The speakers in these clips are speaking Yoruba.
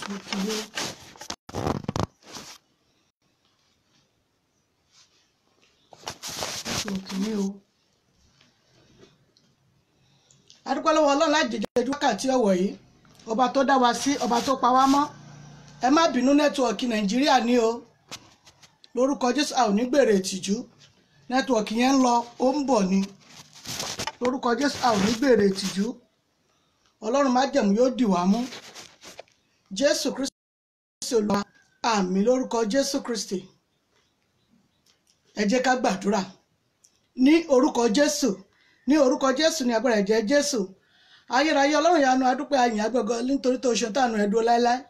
çok iyi. Çok iyi o. Adúpẹ́ lọ́wọ́ Ọlọ́run láti jẹjẹrẹ wákàtí ọ̀wọ̀ yìí. Ọba tó dá wa sí, ọba tó pa wá mọ́. Ẹ má bínú nẹ́tíwọ̀kì Nàìjíríà ní o. Lórúkọ Jésù a ò ní gbèrè ìtìjú. Nẹ́tíwọ̀kì yẹn ń lọ, ó a ò ní gbèrè ìtìjú. Ọlọ́run má jẹ̀mú yóò dì wá jésù kristi olúwa àmì lórúkọ jésù kristi ẹ jẹ́ ká gbàdúrà ní orúkọ jésù ní orúkọ jésù ní agbára ẹ̀jẹ̀ jésù ayérayé ọlọ́run yanu adúpẹ́ àyìn agbẹ́gọ́ nítorí tó ṣe tánu ẹ̀dùn láéláé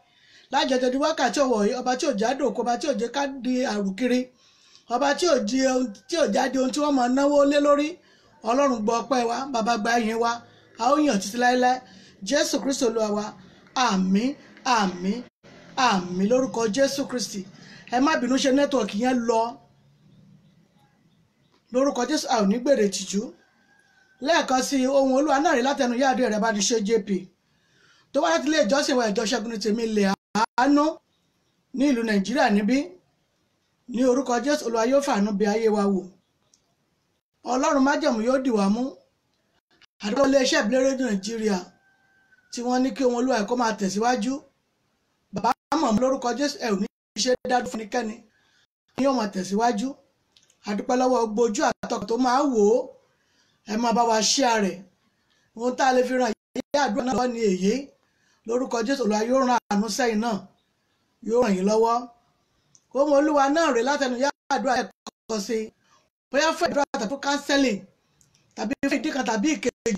lájọjọ di wákàtí ọ̀wọ̀ yìí ọba tí ò já dòkó ọba tí ò jẹ́ ká di àrùkiri ọba tí ò di ohun tí ò jáde ohun tí wọ́n máa náwó lé lórí ọlọ́run gbọ́ ọpẹ́ wa bàbá gba ìyìn wa a ó títí láéláé jésù kristu olúwa wa àmín àmín àmín lórúkọ jésù kristi ẹ má bínú ṣe nẹ́tọ̀ọ̀kì yẹn lọ lórúkọ jésù a ò ní gbèrè tìjú lẹ́ẹ̀kan sí ohun olúwa náà rí látẹnu yáàdé rẹ̀ bá ní ṣe jp tó wáyé tilé ìjọsìn wa ìjọ ṣẹ́gun ní tèmi lè àánú ní ìlú nàìjíríà níbí ní orúkọ jésù olúwa yóò fàánú bí ayé wa wò ọlọ́run májẹ̀mú yóò dì wá mú àdúgbò iléeṣẹ́ ìbílẹ̀ rédíò nàìjíríà tí wọ́n ní kí ohun olúwa ẹ̀kọ́ máa tẹ̀síwájú mọ̀ mí lórúkọ jésù ẹ ò ní ṣe dájú fún ẹnikẹ́ni ní ọmọ tẹ̀síwájú àdúpẹ́ lọ́wọ́ gbogbo ojú àtọkùn tó máa wò ó ẹ máa bá wa ṣí àrẹ̀ ohun tá a lè fi ràn yíyá àdúrà náà lọ́wọ́ ni èyí lórúkọ jésù olúwa yóò ran àánú sẹ́yìn náà yóò ràn yín lọ́wọ́ kó mọ olúwa náà rè látẹnu yá àdúrà ẹ̀kọ́ sí i bóyá fún àdúrà tàbí kánsẹ́lìn tàbí fún ìdí kan tàbí ìkejì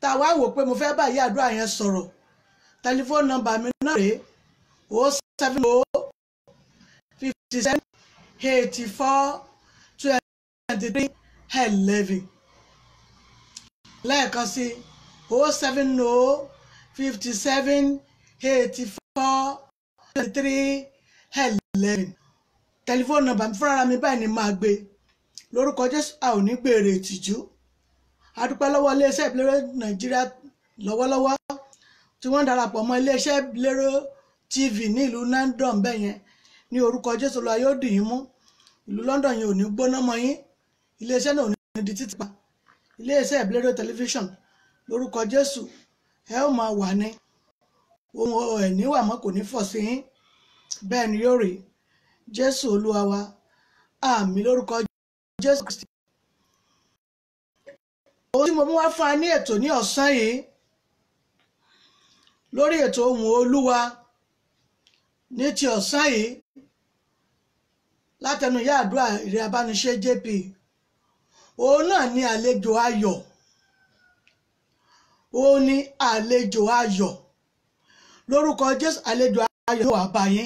tá a wá wò pé mo fẹ́ bá ìyá àdúrà yẹn sọ̀rọ̀ tẹlifóònù nọ́mbà mi náà rèé o oh seven o oh fifty seven eighty four twenty three eleven lẹ́ẹ̀kan sí o oh seven o fifty seven eighty four twenty three eleven tẹlifóònù nàbà fúnra mi báyìí ni máa gbé lórúkọ Jésù a ò ní gbèrè ìtìjú adúpẹ́ lọ́wọ́ iléeṣẹ́ ìbílẹ̀rọ Nàìjíríà lọ́wọ́lọ́wọ́ tí wọ́n darapọ̀ mọ́ iléeṣẹ́ ìbílẹ̀rọ Nàìjíríà tv ní ìlú London bẹ́ẹ̀ yẹn ní orúkọ Jésù lọ ayé ó dì yín mú ìlú London yẹn ò ní gbóná mọ́ yín iléeṣẹ́ náà ò ní di títì pa iléeṣẹ́ ìbílẹ̀rẹ̀ tẹlifíṣàn lórúkọ Jésù ẹ ó máa wà ní ohun ẹ̀ níwà mọ́ kò ní fọ̀ sí yín bẹ́ẹ̀ ni yóò rí Jésù Olúwa wa àmì lórúkọ Jésù Kristi ohun tí mo mú wá fún wa ní ètò ní ọ̀sán yìí lórí ètò ohùn Olúwa ní ti ọ̀sán yìí látẹnu ìyá àdúrà ìrẹ́ abániṣe jp òun náà ní àlejò ayọ̀ òun ní àlejò ayọ̀ lórúkọ jésù àlejò ayọ̀ wà báyìí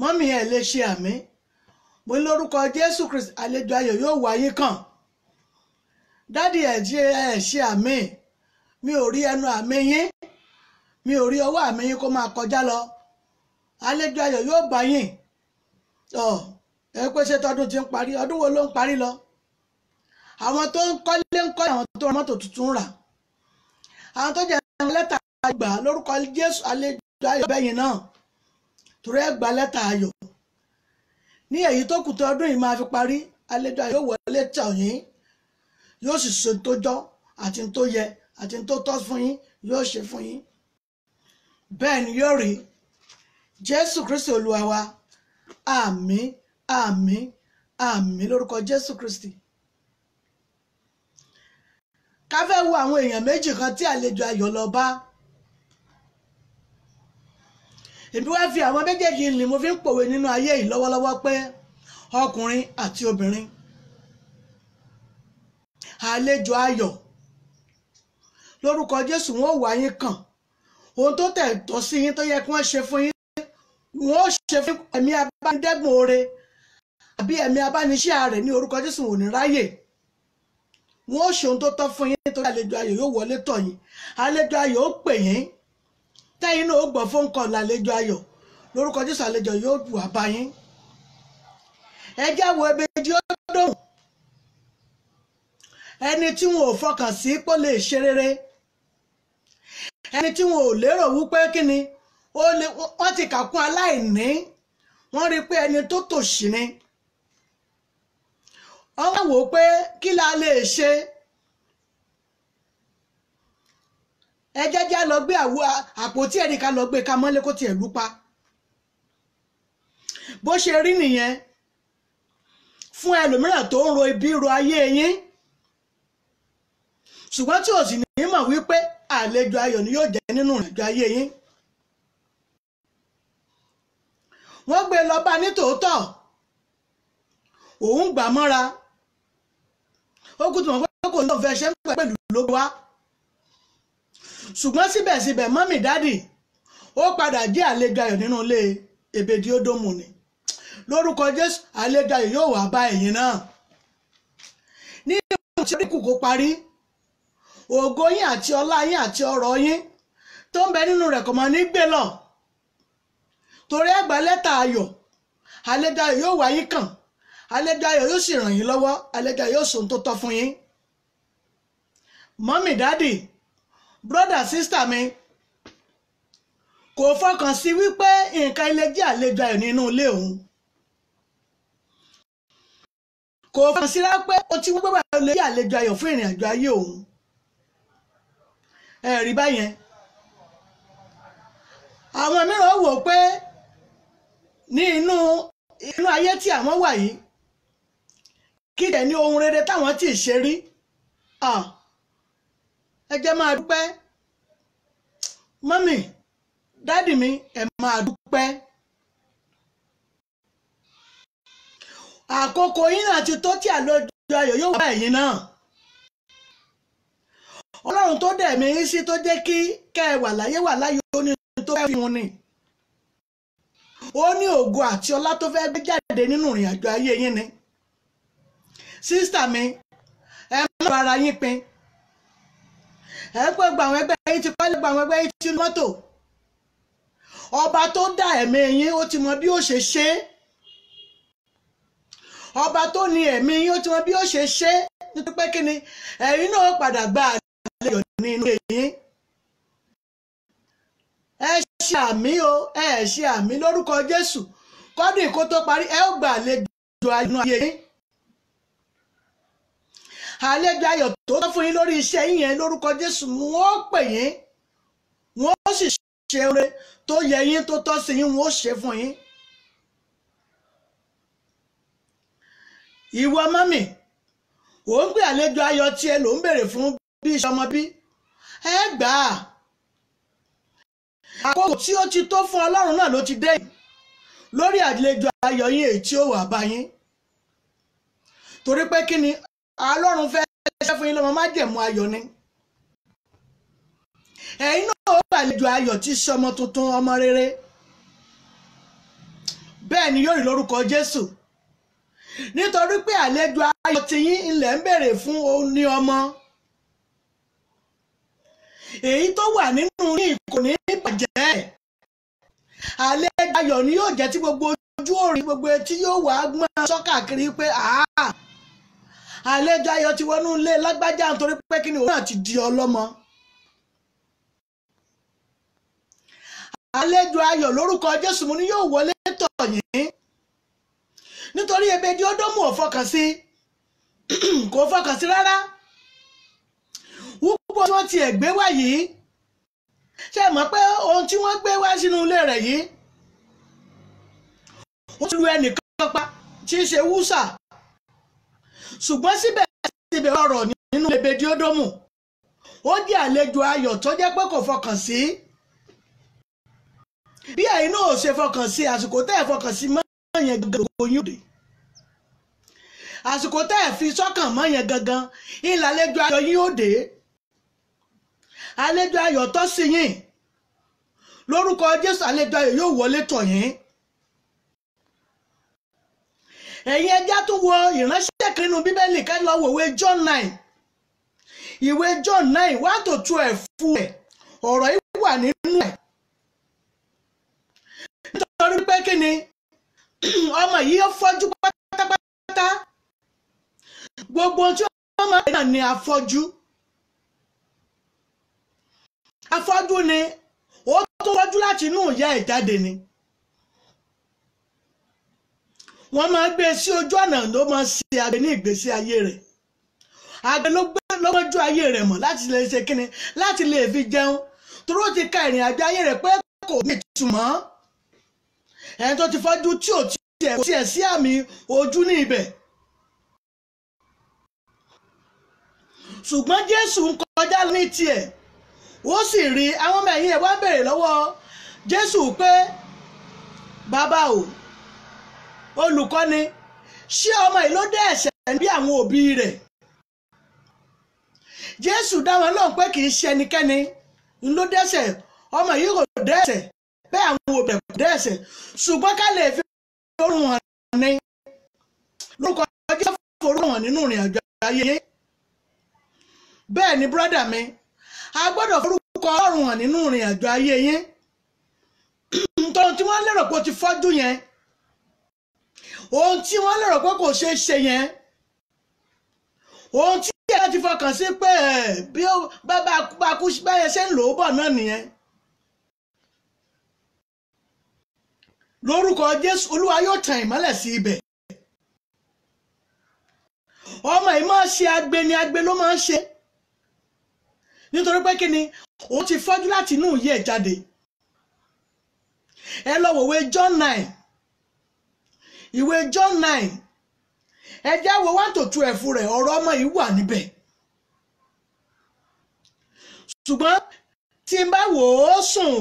mọ́mí ẹ̀ lè ṣe àmì mo ní lórúkọ jésù kristi àlejò ayọ̀ yóò wáyé kàn dádì ẹ̀ ṣe ẹ̀ ṣe àmì mi ò rí ẹnu àmì yín mi ò rí ọwọ́ àmì yín kó máa kọjá lọ àlejò ayọ̀ yóò bá yín ọ ẹ pé ṣé tọdún ti ń parí ọdún wo ló ń parí lọ àwọn tó ń kọ́lé ń kọ́lé àwọn tó mọ́tò tuntun rà àwọn tó jẹ́ lẹ́tà gbà lórúkọ Jésù àlejò ayọ̀ bẹ́yìn náà torí ẹ gba lẹ́tà ayọ̀ ní èyí tó kù tó ọdún yìí máa fi parí àlejò ayọ̀ wọlé tà yín yóò sì ṣe tó jọ àti tó yẹ àti tó tọ́ fún yín yóò ṣe fún yín bẹ́ẹ̀ ni yóò rí jésù kristi olúwa wa àmín àmín àmín lórúkọ jésù kristi ká fẹ́ wo àwọn èèyàn méjì kan tí àlejò ayọ̀ lọ bá èmi wá fi àwọn méjèèjì ni mo fi ń pòwe nínú ayé yìí lọ́wọ́lọ́wọ́ pé ọkùnrin àti obìnrin àlejò ayọ̀ lórúkọ jésù wọn ò wá yín kàn ohun tó tẹ̀ tọ́ sí yín tó yẹ kí wọ́n ṣe fún yín wọn ó ṣe fún ẹ̀mí abánidẹ́gbọ̀n oore àbí ẹ̀mí abániṣẹ́ rẹ̀ ní orúkọ Jésù ò ní ráyè wọn ó ṣe ohun tó tọ́ fún yín nítorí àlejò ayọ̀ yóò wọlé tọ̀ yín àlejò ayọ̀ ó pè yín tẹ́yìn náà ó gbọ́ fóun kọ́ lálejò ayọ̀ lórúkọ Jésù àlejò yóò wà bá yín ẹ jáwọ́ ebe tí ó dòun ẹni tí wọn ò fọkàn sí pé ó lè ṣe rere ẹni tí wọn ò lérò wípé kí ni wọ́n ti kàkún aláìní wọ́n rí i pé ẹni tó tòṣì ni wọ́n wá wò ó pé kí la lè ṣe ẹ jẹ́jẹ́ lọ gbé àwo àpótí ẹnìkan lọ gbé ká mọ́lé kó tiẹ̀ lù pa bó ṣe rí nìyẹn fún ẹlòmíràn tó ń ro ibi ro ayé yín ṣùgbọ́n tí ò sì ní mọ̀ wípé àlejò ayọ̀ ni yóò jẹ́ nínú ìrìnàjò ayé yín. wọ́n gbé lọ bá nítòótọ́ òun gbà mọ́ra ó kú tí wọ́n pẹ́ kò lóun fẹ́ ṣe ń pẹ́ pẹ̀lú ló wá ṣùgbọ́n síbẹ̀síbẹ̀ mọ́mì dádì ó padà jẹ́ àlejò ayọ̀ nínú ilé èbèdí ó dómù ni lórúkọ jésù àlejò ayọ̀ yóò wá bá ẹ̀yin náà ní ìwọ̀n tí orí kù kó parí ògo yín àti ọlá yín àti ọrọ̀ yín tó ń bẹ nínú rẹ̀ kò ní gbé lọ torí ẹgbà lẹ́tà ayọ̀ Alẹ́dàáyọ̀ yóò wáyé kàn Alẹ́dàáyọ̀ yóò sì ràn yín lọ́wọ́ Alẹ́dàáyọ̀ yóò sòun tó tọ́ fún yín. mọ́mì dáàdì brọ́dà sísítà mi kò fọkàn sí wípé nǹkan ilé jẹ́ Alẹ́dàáyọ̀ nínú ilé òun kò fọkàn sí rápé o ti wípé báyọ̀ lè jẹ́ Alẹ́dàáyọ̀ fún ìrìn àjò ayé òun ẹ̀rí báyẹn àwọn mìíràn wò pé ní inú inú ayé tí àwọn wà yìí kí dẹ̀ ní ohun rere táwọn tí ì ṣe rí ẹ jẹ́ máa dúpẹ́ mọ́mì dádì mi ẹ máa dúpẹ́. àkókò yín náà ti tó tí àlejò ayọ̀ yóò wá ẹ̀yìn náà. ọlọ́run tó dẹ̀ mí sí tó jẹ́ kí kẹ́ ẹ wà láyé wà láyé ó ní tó fẹ́ fi wọn ni ó ní ògo àti ọlá tó fẹ́ gbé jáde nínú ìrìn àjò ayé yín ni sísítà mi ẹ má bá ara yín pin ẹ pẹ́ gba àwọn ẹgbẹ́ yín ti pálẹ̀ gba àwọn ẹgbẹ́ yín ti mọ́tò ọba tó dá ẹ̀mí yín ó ti mọ bí ó ṣe ṣe ọba tó ní ẹ̀mí yín ó ti mọ bí ó ṣe ṣe nítorí pé kí ni ẹ̀yin náà padà gba àlejò nínú èyí ẹ ṣe àmì o ẹ ṣe àmì lórúkọ Jésù kọ́dún ìkó tó parí ẹ ó gba àlejò ayọ̀ ayé yín àlejò ayọ̀ tó tọ́ fún yín lórí iṣẹ́ yín yẹn lórúkọ Jésù wọ́n pè yín wọ́n sì ṣe oore tó yẹ yín tó tọ́ sí yín wọ́n ṣe fún yín. ìwọ mọ́mì ò ń pè àlejò ayọ̀ tiẹ̀ ló ń béèrè fún bí iṣẹ́ ọmọ bí ẹ gbà á àkókò tí ó ti tó fún ọlọ́run náà ló ti dé yìí lórí àlejò ayọ̀ yín èyí tí ó wà bá yín torí pé kí ni ọlọ́run fẹ́ ṣe fún yín lọ́mọ májẹ̀mú ayọ̀ ni ẹ̀yin náà ó gbàlejò ayọ̀ tí ṣe ọmọ tuntun ọmọ rere bẹ́ẹ̀ ni yóò rí lórúkọ Jésù nítorí pé àlejò ayọ̀ tiyín ilẹ̀ ń bèrè fún òun ní ọmọ èyí tó wà nínú ọdún ní kò ní bàjẹ́ alẹ́ ayọ̀ ni yóò jẹ́ tí gbogbo ojú òrìn gbogbo etí yóò wá gbọ́n sọ́kàkiri pé àlejò ayọ̀ ti wọnú ilé lágbájá nítorí pé kí ni òun náà ti di ọlọ́mọ. àlejò ayọ̀ lórúkọ Jésù mo ní yóò wọlé tọ̀ yín nítorí ebe ọdọ́mù ò fọkàn sí kò fọkàn sí rárá wúpọ̀ tí wọ́n ti ẹ̀gbẹ́ wá yìí ṣé ẹ mọ̀ pé ohun tí wọ́n gbé wá sínú ilé rẹ̀ yìí ó ti lu ẹnìkan pa tí í ṣe wúsà ṣùgbọ́n síbẹ̀síbẹ̀ ọ̀rọ̀ nínú ebè díódómù ó jẹ́ àlejò ayọ̀ tó jẹ́ pé kò fọkàn sí bí ẹ̀yin náà ò ṣe fọkàn sí àsìkò tẹ́ ẹ̀ fọkàn sí mọ́ yẹn gangan oyún dè àsìkò tẹ́ ẹ̀ fi sọ́kàn mọ́ yẹn gangan ìlàlejò ayọ̀ yín ó dé. àlejò ayọ̀ tọ́ sí yín lórúkọ jésù àlejò ayọ̀ yóò wọlé tọ̀ yín ẹ̀yin ẹja tún wo ìránṣẹ́ kan bíbélì ká lọ wòwe john nine ìwé john nine one to twelve fún ẹ̀ ọ̀rọ̀ yìí wà nínú ẹ̀ nítorí ni ọmọ yìí ó fọ́jú pátápátá gbogbo tí wọ́n máa ń afọ́jú ni ó tó wọ́jú láti inú ìyá ẹ̀ jáde ni wọ́n máa gbé e sí ojú ọ̀nà ló máa ṣe àgbẹ̀ ní ìgbésí ayé rẹ̀ àgbẹ̀ ló gbé lọ́mọjú ayé rẹ̀ mọ̀ láti lè ṣe kíni láti lè fi jẹun toró ti ka ìrìn àjò ayé rẹ̀ pé kò ní ìtumọ̀ ẹni tó ti fọ́jú tí ò tiẹ̀ kò tiẹ̀ sí àmì ojú ní ibẹ̀ ṣùgbọ́n Jésù ń kọjá ní tiẹ̀ ó sì rí àwọn ọmọ ẹ̀yìn ẹ̀ wá ń lọ́wọ́ Jésù pé bàbá o olùkọ́ni ṣé ọmọ yìí ló dé ẹ̀ṣẹ̀ bí àwọn òbí rẹ̀ Jésù pé kì í ṣe ẹnikẹ́ni ń ló dẹ́ṣẹ̀ ọmọ yìí kò dẹ́ṣẹ̀ bẹ́ẹ̀ àwọn òbí rẹ̀ kò ṣùgbọ́n ká lè fi orun hàn ní lórúkọ Jésù forúhàn nínú ni bírọ́dà mi a gbọ́dọ̀ forúkọ ọlọ́run hàn nínú ìrìn àjò ayé yín tóun tí wọ́n lérò pé ó ti fọ́jú yẹn ohun tí wọ́n lérò pé kò ṣeé ṣe yẹn ohun tí ẹ ti fọkàn sí pé bí ó bá bá kú báyẹn ṣe ń lò ó bọ̀ náà nìyẹn. lórúkọ jésù olúwa yóò tan ìmọ́lẹ̀ sí ibẹ̀ ọmọ yìí máa ṣe agbe ni agbe ló máa ń ṣe nítorí pé kí ni òun ti fọ́jú láti inú ìyẹ́ ẹ̀ jáde ẹ lọ wòwe John nine ìwé John nine ẹ jẹ́ wo one to twelve rẹ̀ ọ̀rọ̀ ọmọ yìí wà níbẹ̀ ṣùgbọ́n tí n bá wò ó sùn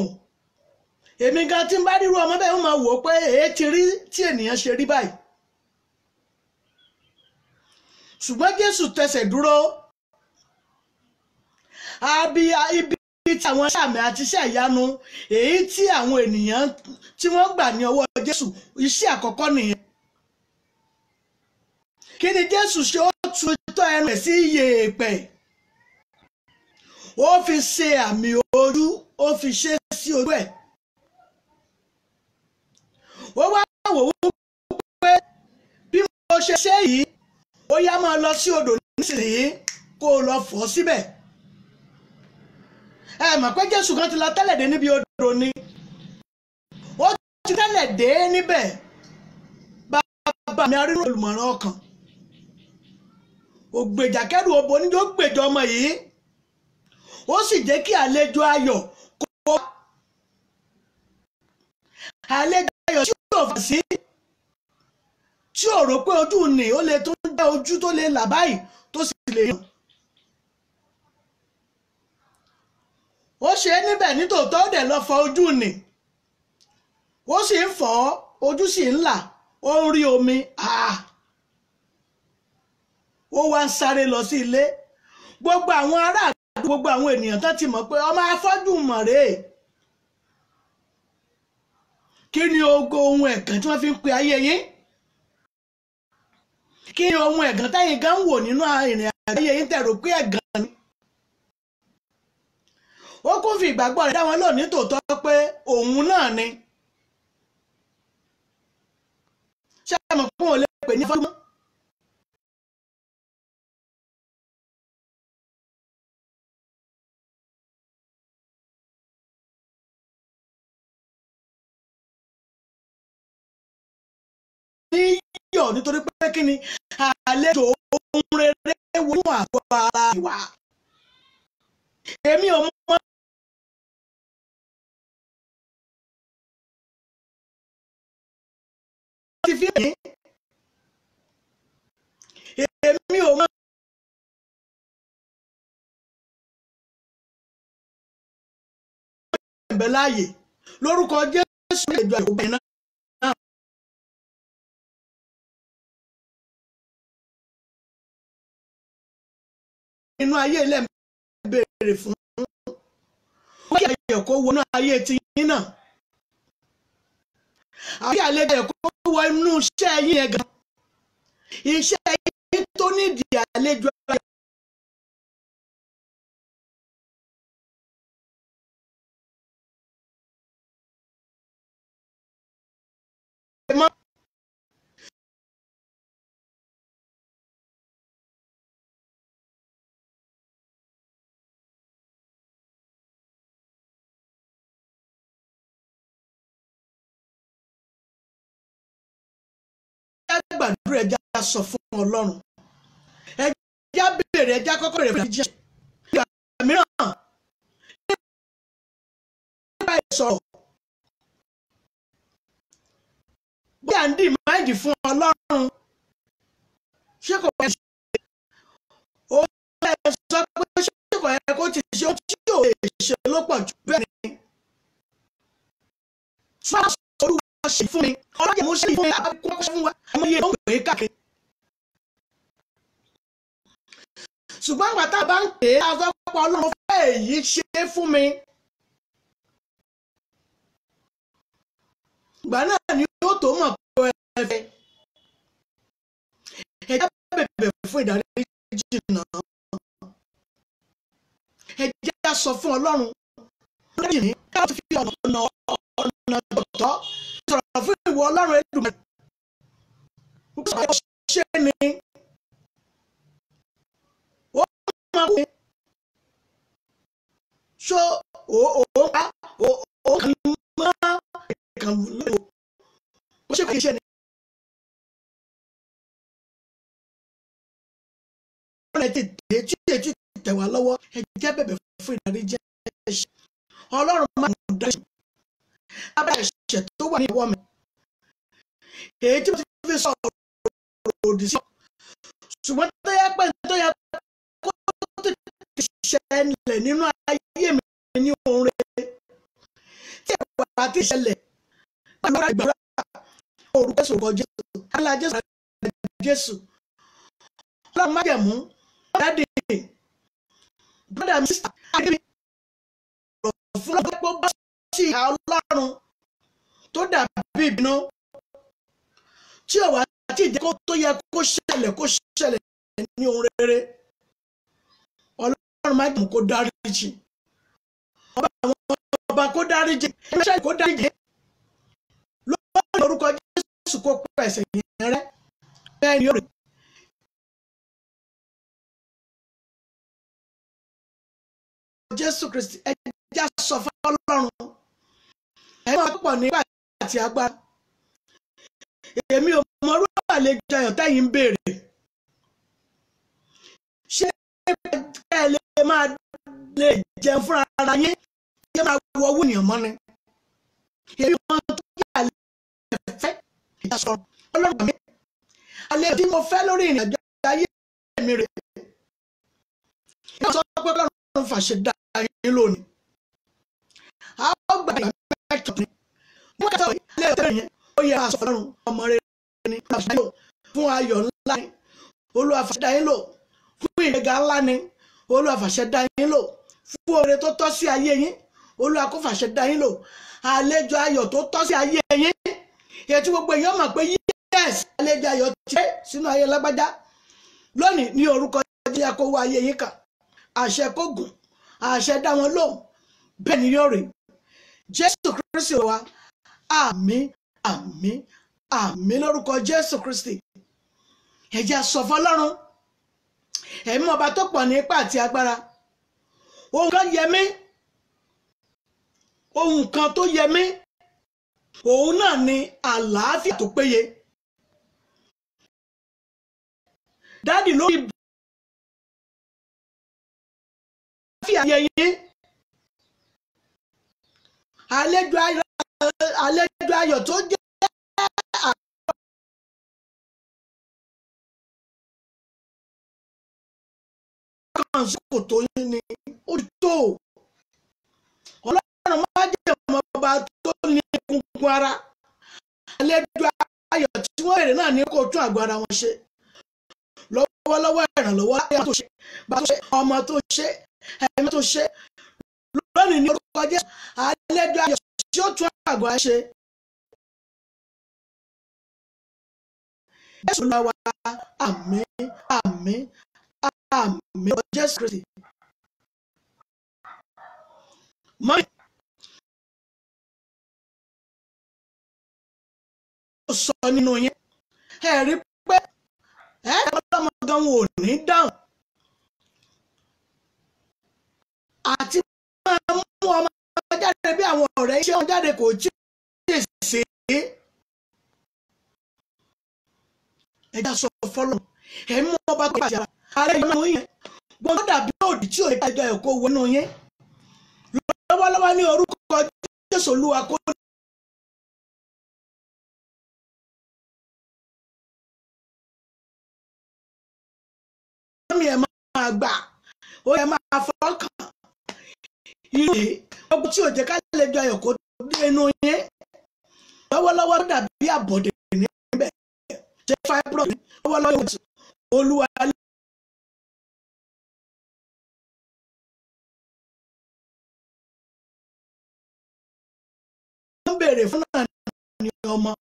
èmi gan tí n bá rírú ọmọ bẹ́ẹ̀ ń máa wò ó pé èé ti rí tí ènìyàn ṣe rí báyìí ṣùgbọ́n Jésù tẹsẹ̀ dúró ibi tí àwọn sàmì àti iṣẹ́ ìyanu èyí tí àwọn ènìyàn tí wọ́n gbà ní ọwọ́ Jésù iṣẹ́ àkọ́kọ́ nìyẹn. kí ni Jésù ṣe ó tu tọ́ ẹnu ẹ̀ sí yèèpẹ̀ ó fi ṣe àmì ojú ó fi ṣe sí ojú ẹ̀ ó wá wò ó pé bí mo ṣe ṣe yìí ó yá máa lọ sí odò nísìnyí kó o lọ fọ̀ síbẹ̀ ẹ mọ̀ pé jésù kan ti lọ tẹ́lẹ̀ dé níbi odò ni ó ti tẹ́lẹ̀ dé níbẹ̀ bàbá mi arínú olùmọ̀ràn ọkàn ògbèjà kẹ́rù obo níjó gbèjọ ọmọ yìí ó sì jẹ́ kí àlejò ayọ̀ kó wá àlejò ayọ̀ tí yóò fà sí tí ò rò pé ojú ni ó lè tún jẹ́ ojú tó lè là báyìí tó sì lè yàn. ó ṣe é níbẹ̀ nítòótọ́ ó dẹ̀ lọ fọ ojú nì ó sì ń fọ́ ojú sì ń là ó ń rí omi ó wá ń sáré lọ sí ilé gbogbo àwọn ará àgbẹ̀ gbogbo àwọn ènìyàn tó ti mọ̀ pé ọmọ afọ́jú mọ̀ rèé kí ni ogo ohun ẹ̀gàn tí wọ́n fi ń pe ayé yín kí ni ohun ẹ̀gàn táyìn gan wò nínú ìrìn àjò ayé yín tẹ̀rù pé ẹ̀gàn. ó kún fi ìgbàgbọ́ rẹ̀ dá wọn ní tòótọ́ pé òun náà ni ṣé ẹ ní afọ́júmọ́. níyọ̀ nítorí pé kí ni àlejò ohun rere àgọ́ ara ìwà. èmi ò mọ ti fi ẹ̀yìn èmi ò mọ. ẹ̀bẹ̀ láàyè lórúkọ Jésù lè ju àyòkù iná. inú ayé ilẹ̀ ń béèrè fún wọ́n kí ayọ̀ wọnú ayé tiyín náà. àbí àlejò ẹ̀kọ́ wọ inú iṣẹ́ yín yẹn gan iṣẹ́ yín tó nídìí àlejò a sọ fún ọlọ́run ẹjá béèrè ẹjá kọ́kọ́ rẹ̀ fún ìjìyà ìgbà mìíràn nípa ìsọ̀rọ̀ bóyá ń dì máìdì fún ọlọ́run ṣé kò wá ṣe ó ẹ sọ pé ṣé kò yẹ kó ti ṣe ó tí yóò lè ṣe ló pọ̀ jù bẹ́ẹ̀ ni fún àṣọ olúwa ṣe fún mi ọlọ́jà mo ṣe fún mi àbákọ́ fún wa àmọ́ iye tó ń pè é káàkiri. ṣùgbọ́n àgbà tá a bá ń pè é a sọ pé ọlọ́run fẹ́ èyí ṣe é fún mi. ìgbà náà ni yóò tó mọ̀ pé ó ẹ fẹ́. ẹ jẹ́ bẹ̀bẹ̀ fún ìdáríjì náà. ẹ jẹ́ ká sọ fún ọlọ́run lẹ́yìn ní ká fi ọ̀nà ọ̀nà tọ̀tọ̀ sọ̀rọ̀ fún ìwọ ọlọ́run Èdùmàrè. ó sọ pé ó ṣe é ní. ọkùnrin ṣó òun pa òun kàn mọ́ ìkànnì lóyún ó ṣe kìí ṣe ní. ọ̀rẹ́ ti dé tí ó ti tẹ̀ wá lọ́wọ́ ẹ jẹ́ bẹ̀bẹ̀ fún ìdáríjì ẹ̀ṣẹ̀ ọlọ́run máa ń dájú abẹ́ ẹ̀ṣẹ̀ tó wà ní ìwọ́ mi èyí tí mo ti fi sọ̀rọ̀ òdì sí ṣùgbọ́n tó yẹ pé tó yẹ ti ṣẹlẹ̀ nínú ayé mi ní ohun rere tí ẹ̀rọ bá ti ṣẹlẹ̀ pẹ̀lú ìgbàlódé orúkọ Jésù orúkọ Jésù alá Jésù alá Jésù ọlọ́run má jẹ̀mú dáàdì brọ́dà mi sísà àdébí ọ̀rọ̀ fún ọgbẹ́ pé ó bá sí ìhà ọlọ́run tó dàbí ìbínú tí ò wá tí kó tó yẹ kó ṣẹlẹ̀ kó ṣẹlẹ̀ ní ohun rere ọlọ́run má jẹun kó dáríjì ọba àwọn ọba kó dáríjì ẹgbẹ́sẹ̀ kó dáríjì lórí orúkọ jésù kó pẹ̀sẹ̀ yẹn rẹ́ bẹ́ẹ̀ ni ó rẹ̀. jésù kristi ẹjẹ sọ fún ọlọ́run ẹ máa pọ̀ nígbà àti agbára èmi ò mọrú àlejò ayọ̀ tẹ́yìn ń béèrè ṣé ẹ lè lè máa lè jẹun fúnra ara yín yẹ máa wọ owó ènìyàn mọ́ni èmi wọn tó yà lè fẹ́ ìyá sọ̀rọ̀ ọlọ́run mi alẹ́ tí mo fẹ́ lórí ìrìn ayé mi rè é sọ pé ọlọ́run fàṣẹ yín lónìí a ó gbà ìgbà mẹ́tọ̀ ni mo kẹ́tọ̀ ilé ìtẹ́rẹ̀ yẹn ó yẹ aṣọ ọlọ́run ọmọ rere ni fún ayọ̀ ńlá ni olúwa fàṣẹ yín lò fún ìgbéga ńlá ni olúwa fàṣẹ dá yín lò fún oore tó tọ́ sí ayé yín olúwa kó fàṣẹ dá yín lò àlejò ayọ̀ tó tọ́ sí ayé yín ètò gbogbo èèyàn mọ̀ pé yíyẹ́sì àlejò ayọ̀ ti dé sínú ayé lágbájá lónìí ní orúkọ jíjá kó wá ayé yín kà àṣẹ kó gùn àṣẹ dá wọn lóhùn bẹ́ẹ̀ ni yóò rí jésù kristi wa àmín àmín àmín lórúkọ jésù kristi ẹ jẹ́ sọ fọlọ́run ẹ̀mí ọba tó pọ̀ ní ipá àti agbára ohun kan yẹ mí ohun kan tó yẹ mí òun náà ni àlàáfíà tó péye dáàdì lórí àlàáfíà yẹyẹ àlejò ayọ̀ tó jẹ́. náà sókò tó yín ni ó ti tó ọlọ́run má jẹ́ ọmọ tó ní egungun ara àlejò ayọ̀ tí wọ́n èrè náà ní kó tún àgọ́ ara wọn ṣe lọ́wọ́lọ́wọ́ ìrànlọ́wọ́ láyà tó ṣe bá tó ṣe ọmọ tó ṣe ẹ̀mí tó ṣe lónìí ní orúkọ Jésù àlejò ayọ̀ tí ó tún àgọ́ ara ṣe. Jésù lọ wá àmín àmín àmì ọ Jésù Kristi. mọ́mí ó sọ nínú yẹn ẹ rí pé ẹ ọlọ́mọ gan wò ní dáhùn àti máa mú ọmọ jáde bí àwọn ọ̀rẹ́ iṣẹ́ wọn jáde kò tí ì ṣe é ẹ já sọ fọlọ́ ẹ mú ọba pàṣẹ ààrẹ ìyọnu yẹn gbogbo dàbí òdì tí òye bájọ ẹ̀kọ́ wọnú yẹn lọ́wọ́lọ́wọ́ ní orúkọ Jésù Olúwa kó mi ẹ̀ máa gbà ó yẹ máa fọkàn ilé ọgbọ́n tí òjẹ́ ká lè jọ ẹ̀kọ́ dénú yẹn lọ́wọ́lọ́wọ́ dàbí àbọ̀dé níbẹ̀ ṣe fáìbrọ̀ lọ́wọ́lọ́wọ́ Olúwa béèrè fún náà ní ọmọ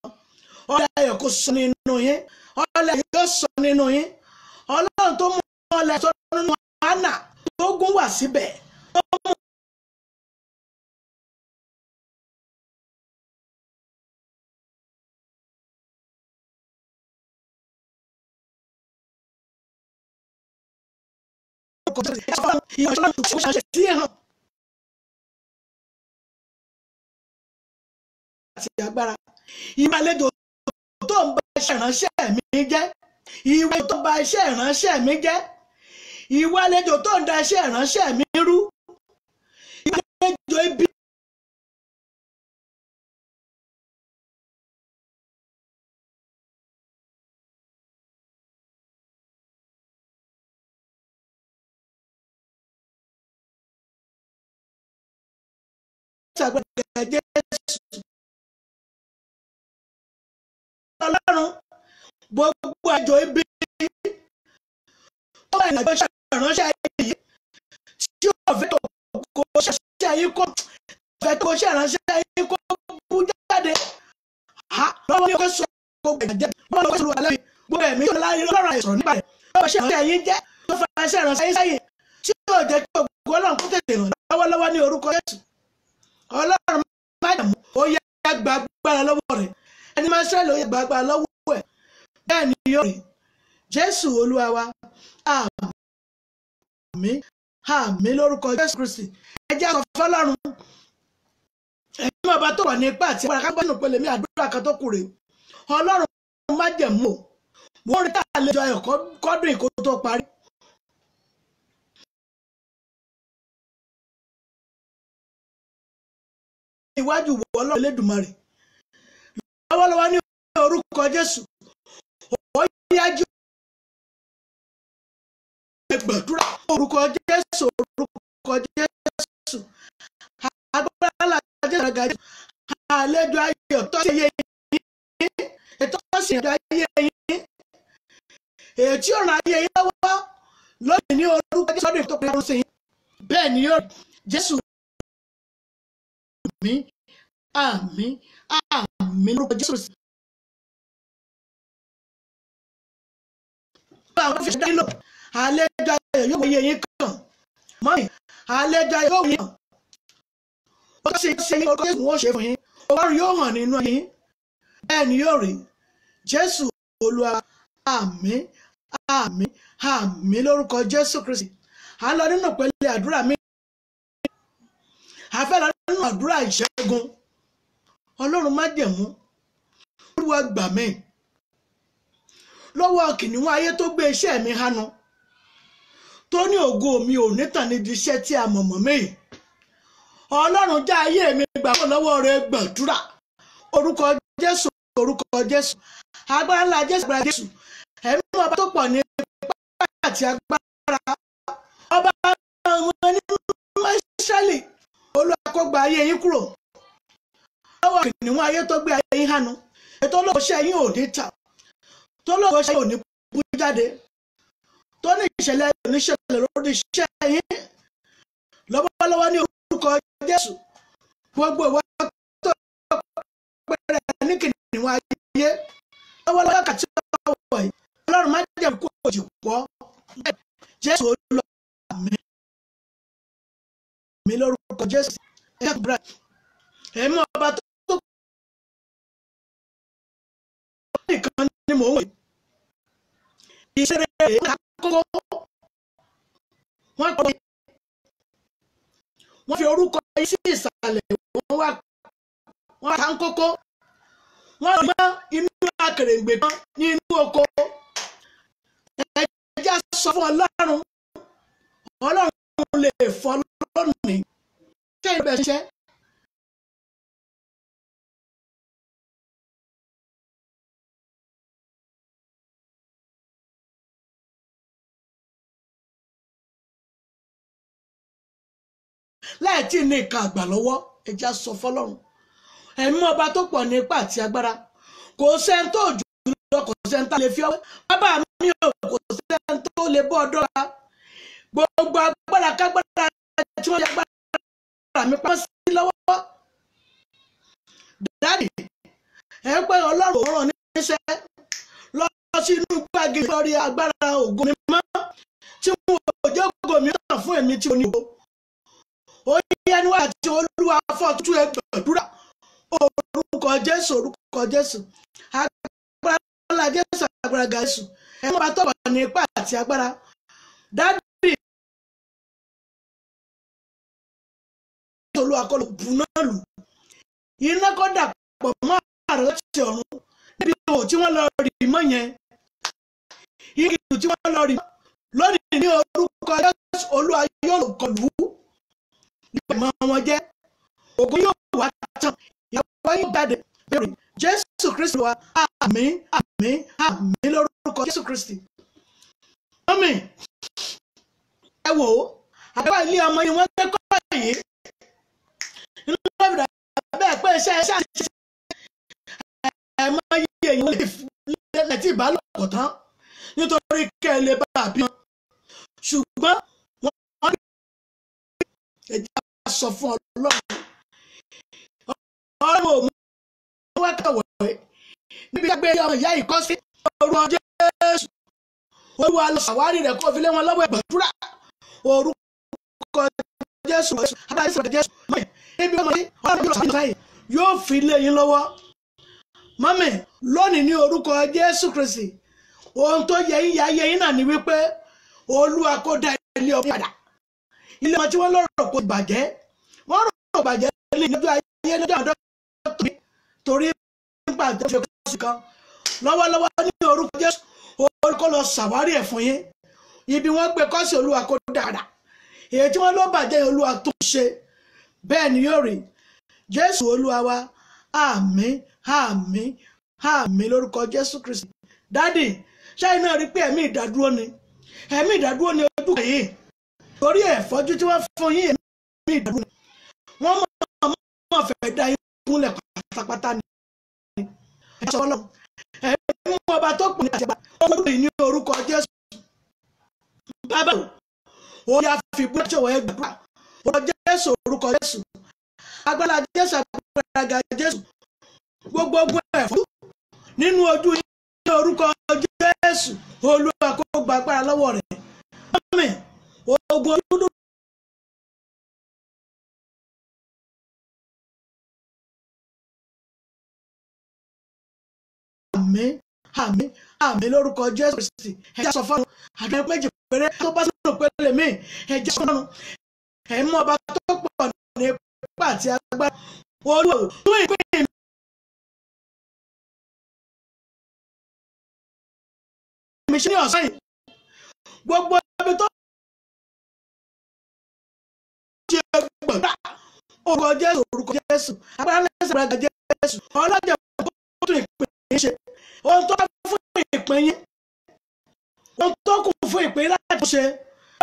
ọlá kò sọ nínú yín ọlá yóò sọ nínú yín ọlọ́run tó mú ọlá sọ nínú hánà tó gún wà síbẹ̀ tó mú. ìyàtọ̀ ìṣẹ̀ṣẹ̀ sí hàn. àti agbára ìwà àlejò tó ń bá iṣẹ́ ìránṣẹ́ mi jẹ́ ìwà tó bá iṣẹ́ ìránṣẹ́ mi jẹ́ ìwà àlejò tó ń da iṣẹ́ ìránṣẹ́ mi rú ìwà ibi agbára jẹ́ ọlọ́run gbogbo àjò ibi tó wà ìrìnàjò ṣàránṣẹ́ ayé tí ó fẹ́ tó kó ṣàṣẹ ayé kó fẹ́ tó ṣàránṣẹ́ ayé kó bú jáde lọ́wọ́ ní ọkọ̀ sọ gbogbo ìrìnàjò lọ́wọ́ sọ̀rọ̀ alẹ́ gbogbo ẹ̀mí yóò láyé lọ́rọ̀ àìsàn nípa rẹ̀ lọ́wọ́ ṣàránṣẹ́ ayé jẹ́ tó fẹ́ ṣàránṣẹ́ ayé sáyè tí yóò jẹ́ kí ògbó ọlọ́run kó tètè ràn lọ́wọ́lọ́wọ́ ní orúkọ Jésù ọlọ́run má dàmú ó yá gbàgbára lọ́wọ́ rẹ̀ ẹni máa ṣẹlẹ ó yẹ gbàgbà lọ́wọ́ ẹ̀ bẹ́ẹ̀ ni yóò rí jésù olúwa wa àmín àmín lórúkọ jésù kristi ẹ jẹ́ sọ fọ́lọ́run ẹ̀mí ọba tó wà ní ipá àti agbára kágbá nù pẹ̀lẹ́mí àdúrà kan tó kù rè ọlọ́run má jẹ̀mú wọ́n rí àlejò ayọ̀ kọ́dún ìkó tó parí. iwájú wọ́ ọlọ́run Elédùmarè lọ́wọ́lọ́wọ́ ní orúkọ Jésù ó yá jí gbàdúrà orúkọ Jésù orúkọ Jésù agbára làjẹ́ ìrọ̀gà Jésù àlejò ayọ̀ tó ṣe yẹ yín ètò ìsìnkú ayé yín ètí ọ̀ràn ayé yín lọ́wọ́ lónìí ní orúkọ Jésù ọdún ìfọ̀tọ̀pẹ̀ ọ̀run sí yín bẹ́ẹ̀ ni yóò Jésù mi àmín àmín lórúkọ jésù sí. àwọn fi ṣẹ́dá nílò àlejò ayọ̀ yóò wòye yín kàn mọ́mí àlejò ayọ̀ yóò wòye kàn ó ṣe ṣe yín orúkọ jésù wọn ò ṣe fún yín ọlọ́run yóò hàn nínú yín bẹ́ẹ̀ ni yóò rí jésù olúwa àmín àmín àmín lórúkọ jésù kristi à ń lọ nínú pẹ̀lú àdúrà mi àfẹ́ lọ nínú àdúrà ìṣẹ́gun ọlọ́run má jẹ̀mú olúwa gbà mí lọ́wọ́ kìnìún ayé tó gbé iṣẹ́ mi hánu tó ní ògo mi ò nítàn níbi iṣẹ́ tí a mọ̀mọ́ mi ọlọ́run já ayé mi gbà wọ́n lọ́wọ́ rẹ̀ gbàdúrà orúkọ jésù orúkọ jésù agbára ńlá jésù agbára jésù ẹ̀mí ọba tó pọ̀ ní ipá àti agbára ọba ọmọ ní mọ́ṣálì olúwa kó gba ayé yín kúrò lọ́wọ́ kìnìún ayé tó gbé ayé yín hánu ètò olóko ṣe yín ò ní ta tó olóko ṣe yín ò ní bú jáde tó ní ìṣẹ̀lẹ̀ oníṣẹ̀lẹ̀ lórí iṣẹ́ yín lọ́wọ́lọ́wọ́ ní orúkọ Jésù gbogbo ìwà tó pẹ̀rẹ̀ ní kìnìún ayé lọ́wọ́lọ́wọ́ kàtí ọ̀wọ̀ yìí Ọlọ́run má jẹ́ kó òjì pọ̀ Jésù olùkọ́ mi mi lórúkọ Jésù ẹ̀ ẹ̀ mú ọba tó. nìkan ni mò ń wòye ìṣeré èyí ká kókó wọ́n kọ́ wọ́n fi orúkọ yìí sí ìsàlẹ̀ wọ́n wá wọ́n ká kókó wọ́n lọ mọ́ inú akèrègbè kan ní inú oko ẹ̀jẹ̀ sọ fún ọlọ́run ọlọ́run lè fọ́ lónìí ṣé ìbẹ̀ṣẹ́. láì tí ì ní nǹkan àgbà lọ́wọ́ ẹja sọ fọlọ́run ẹ̀mí ọba tó pọ̀ ní ipá àti agbára kò sẹ́ni tó jù lọ kò sẹ́ni tá lè fi ọwọ́ bàbá mi ò kò sẹ́ni tó lè bọ́ ọdọ́ ra gbogbo agbára kágbára tí wọ́n yẹ agbára mi pamọ́ sí lọ́wọ́ dáàdì ẹ̀ ń pẹ́ ọlọ́run ọ̀rọ̀ níṣẹ́ lọ sínú gbàgede lórí agbára ògo mi mọ́ tí mo ò jókòó mi tàn fún èmi tí mo ní ògo ó yẹ ní wákàtí olúwa fọ́tú ẹgbẹ̀dúrà orúkọ jésù orúkọ jésù agbára ńlá jésù agbára ga jésù ẹ̀rọ bá tọ̀bọ̀ ní ipá àti agbára dádì olúwa kọlù bùnà lù iná kọ́ dàpọ̀ mọ́ àrùn láti ọ̀run níbi ihò tí wọ́n lọ rì mọ́ yẹn ihò tí wọ́n lọ rì lónìí ní orúkọ jésù olúwa yóò kọlù nípa ìmọ̀ wọn jẹ́ ògo yóò wá tán ìyàwó yóò jáde bẹ̀rẹ̀ jésù kristi wa àmín àmín àmín lórúkọ jésù kristi. mọ́mì ẹ wò ó àbẹ̀wò ilé ọmọ yìí wọ́n gbé kọ́ yìí nínú lọ́bìdà bẹ́ẹ̀ pé iṣẹ́ iṣẹ́ àṣìṣe ẹ̀ máa yí èyí lè ti ìbálòpọ̀ tán nítorí kẹ́ ẹ lè bá àbí wọn ṣùgbọ́n wọ́n rí ẹ̀jẹ̀ sọ fún ọlọ́run ọlọ́run ò mú níbi tí a gbé ọmọ ìyá yìí kọ́ sí orúkọ jésù olúwa lọ ṣàwárí rẹ̀ kó fi lé wọn lọ́wọ́ ìgbàdúrà orúkọ jésù abáyé sọ̀rọ̀ jésù mọ́yìn níbi ọmọ yìí ọlọ́run yóò sọ̀rọ̀ yìí yóò fi lé yín lọ́wọ́ mọ́mì lónìí ní orúkọ jésù kristi ohun tó yẹ yín yá yẹ yín náà ni wípé olúwa kó dá ilé ọmọ padà ilé ọmọ tí wọ́n lọ́rọ̀ kò bàjẹ́ wọ́n rò bàjẹ́ lè lọ́jọ́ ayé lọ́jọ́ àdó tóbi torí nípa àjọṣe kọ́sì kan lọ́wọ́lọ́wọ́ ní orúkọ Jésù orúkọ lọ ṣàwárí ẹ̀ fún yín ibi wọ́n gbé kọ́sì Olúwa kó dára èyí tí wọ́n ló bàjẹ́ Olúwa tó ṣe bẹ́ẹ̀ ni yóò rí Jésù Olúwa wa àmín àmín àmín lórúkọ Jésù Kristi dádì ṣáà iná rí pé ẹ̀mí ìdádúró ni ẹ̀mí ìdádúró ni ojú kẹ̀yìn torí ẹ̀fọ́jú tí wọ́n fún yín ẹ̀mí ìdádúró ni wọ́n mọ̀ mọ̀ fẹ́ dá yín kúnlẹ̀ pátápátá ni ẹ sọ lọ ẹ mú ọba tó pè ní àjẹbá ọmọ ìlú ní orúkọ Jésù bàbá o ó yá fi búrẹ́ ṣòwò ẹ gbàdúrà orúkọ Jésù orúkọ Jésù agbára Jésù agbára Jésù gbogbo ogun ẹ̀fọ́ nínú ojú yín ní orúkọ Jésù Olúwa kó gba agbára lọ́wọ́ rẹ̀ mọ́mí ogun ojú àmín àmín àmín lórúkọ jésù kristi ẹjẹ sọ fọlọ àdúrà péjì péré tó bá sọ̀rọ̀ péré lèmi ẹjẹ sọ fọlọ ẹ mọ ọba tó pọ̀ ní ipa àti agbára olúwo tó ìpín mi ṣe ní ọ̀sán yìí gbogbo ibi tó ṣe gbọ̀ngbà orúkọ jésù orúkọ jésù agbára lẹ́sẹ̀ gbọ̀ngàn jésù ọlọ́jà kó tún ìpín kì í ṣe ohun tó fún ìpín yín ohun tó kù fún ìpín láti ṣe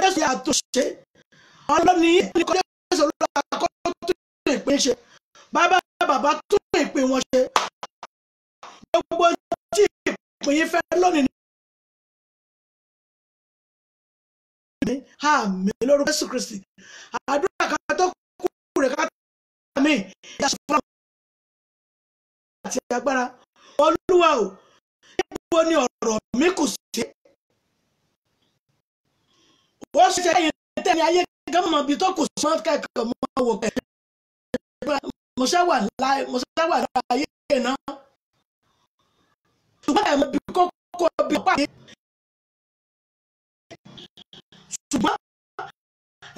jésù àtúnṣe ọlọ́ni yín ní kọjá jésù olùdókòwò tún ìpín ṣe bàbá bàbá tún ìpín wọn ṣe gbogbo tí ìpín yín fẹ́ lónìí ní àmì lórúkọ jésù kristi àdúrà kan tó kú rẹ̀ ká mi ìyá sọ fún àwọn àti agbára olúwa o níbo ni ọ̀rọ̀ mi kù sí. ó ṣe ṣe ẹyin tẹ́lẹ̀ ayé gán mọ̀ bí tó kù sí wọn kẹ́kọ̀ọ́ mọ́ wò pẹ̀lú mo ṣáwà láyé náà ṣùgbọ́n ẹ̀mọ́ bí kókó bí ọ̀pá yẹn ṣùgbọ́n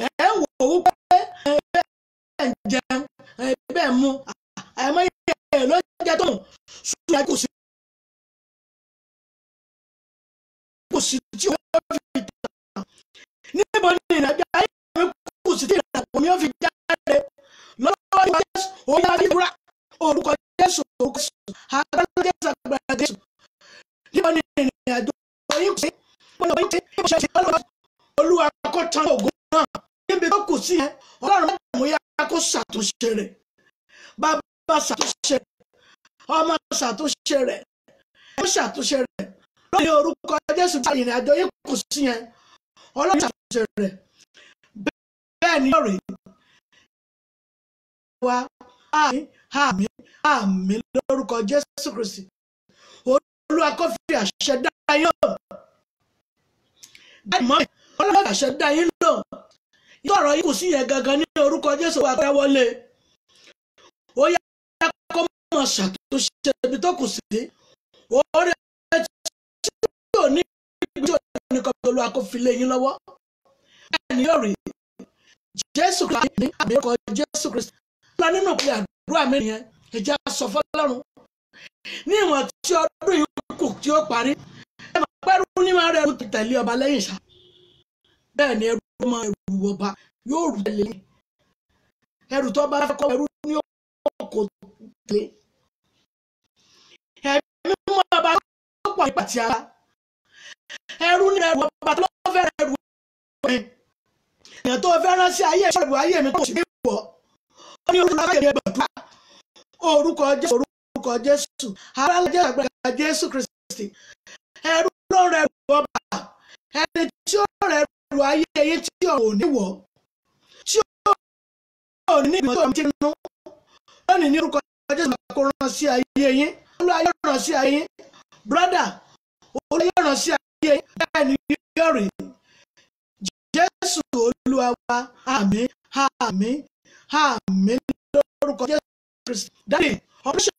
ẹ̀ ń wò ó wípé ẹ̀ bẹ́ẹ̀ ń jẹun ẹ̀ bẹ́ẹ̀ mu sùn yẹn kò sí kò sí tí o yọ fi tàn níbo ni ìrìnàjò ayé mi kò sí tí ìrìnàjò mi yọ fi jáde lọ́wọ́ ní jésù oyè àdìbúrà orúkọ jésù orúkọ jésù agbára jésù agbára jésù níbo ni ìrìnàjò ayé kò sí níbo ni ìrìnàjò ayé kò sí ọlọ́wọ́ olúwa kò tán ògùn náà níbi tó kù sí yẹn ọlọ́run mẹ́ta mo kó ṣàtúnṣe rẹ̀ bàbá ṣàtúnṣe ọmọ ṣàtúnṣe rẹ̀ ọmọ ṣàtúnṣe rẹ̀ lórí orúkọ Jésù bí ìrìn àjò yìí kù sí yẹn ọlọ́run ṣàtúnṣe rẹ̀ bẹ́ẹ̀ ni lórí wa àmín àmín àmín lórúkọ Jésù Kristi olúwa kó fi àṣẹ dá yín lò bẹ́ẹ̀ mọ́ ọlọ́run àṣẹ dá yín lò yóò ọ̀rọ̀ yìí kù sí yẹn gangan ní orúkọ Jésù wa kọ́ wọlé náà ṣàtúnṣe ibi tó kù sí orí ẹ tí ò ní ibi tí ò ní kọ́kọ́ lu akófilé yín lọ́wọ́ ẹni yóò rí jésù kristu ní àmì ọkọ̀ jésù kristu lọ nínú pé àdúrà mi nìyẹn ìjà sọ fọlọ́run ní ìwọ̀n tí ọdún yìí kù tí ó parí ẹ máa pẹ́rù ní máa rẹ̀ ẹ̀rù tẹ̀lé ọba lẹ́yìn ṣá bẹ́ẹ̀ ni ẹrù máa ẹrù ọba yóò rù tẹ̀lé ẹrù tó bá fẹ́ kọ́ ẹrù ní ó tẹ̀lé mímọ́ ọba tó pọ̀ nípa ti ara ẹrú ní ẹrù ọba tó fẹ́ ẹrù rẹ̀ èèyàn tó fẹ́ rán sí ayé ìṣòro ayé mi tó sì ní ìwọ̀ ó ní orúkọ ayé mi gbàdúrà orúkọ jésù orúkọ jésù ara jésù àgbàgbà jésù kristi ẹrú ló rẹ ẹrù ọba ẹni tí ó rẹ ẹrù ayé yín tí ò ní wọ̀ tí ò ní ìmọ̀ tó ń tinú lónìí ní orúkọ jésù àkóràn sí ayé yín olúwa yóò ránṣẹ́ ayé brọ́dà olúwa yóò ránṣẹ́ ayé bẹ́ẹ̀ ni yóò rí jésù olúwa wa àmín àmín àmín lórúkọ jésù kristi dáàbì ọ̀pẹ́sẹ̀